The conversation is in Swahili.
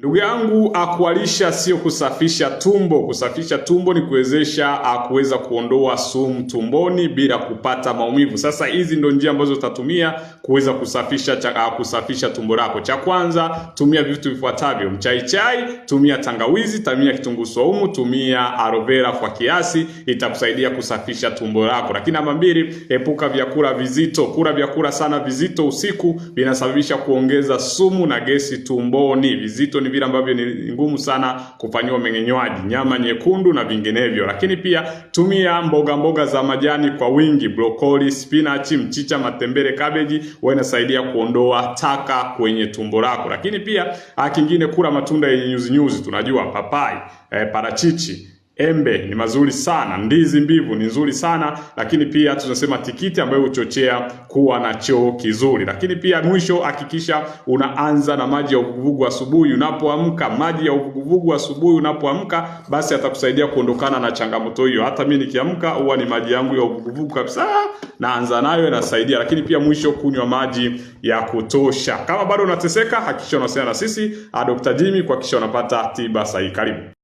Ndugu yangu, akualisha sio kusafisha tumbo. Kusafisha tumbo ni kuwezesha ah, kuweza kuondoa sumu tumboni bila kupata maumivu. Sasa hizi ndio njia ambazo utatumia kuweza kusafisha cha, ah, kusafisha tumbo lako. Cha kwanza, tumia vitu vifuatavyo: mchaichai, tumia tangawizi, tumia kitunguu saumu, tumia aloe vera kwa kiasi, itakusaidia kusafisha tumbo lako. Lakini namba mbili, epuka vyakula vizito. Kula vyakula sana vizito usiku vinasababisha kuongeza sumu na gesi tumboni. Vizito ni vile ambavyo ni ngumu sana kufanyiwa umeng'enywaji nyama nyekundu na vinginevyo. Lakini pia tumia mboga mboga za majani kwa wingi, brokoli, spinachi, mchicha, matembele, kabeji, huwa inasaidia kuondoa taka kwenye tumbo lako. Lakini pia ah, kingine, kula matunda yenye nyuzi nyuzi, tunajua papai, eh, parachichi Embe ni mazuri sana, ndizi mbivu ni nzuri sana, lakini pia tunasema tikiti ambayo huchochea kuwa na choo kizuri. Lakini pia mwisho, hakikisha unaanza na maji ya uvuguvugu asubuhi unapoamka. Maji ya uvuguvugu asubuhi unapoamka, basi atakusaidia kuondokana na changamoto hiyo. Hata mimi nikiamka, huwa ni maji yangu ya uvuguvugu kabisa, naanza nayo, inasaidia. Lakini pia mwisho, kunywa maji ya kutosha. Kama bado unateseka, hakikisha unawasiliana na sisi Dr. Jimmy kuhakikisha unapata tiba sahihi. Karibu.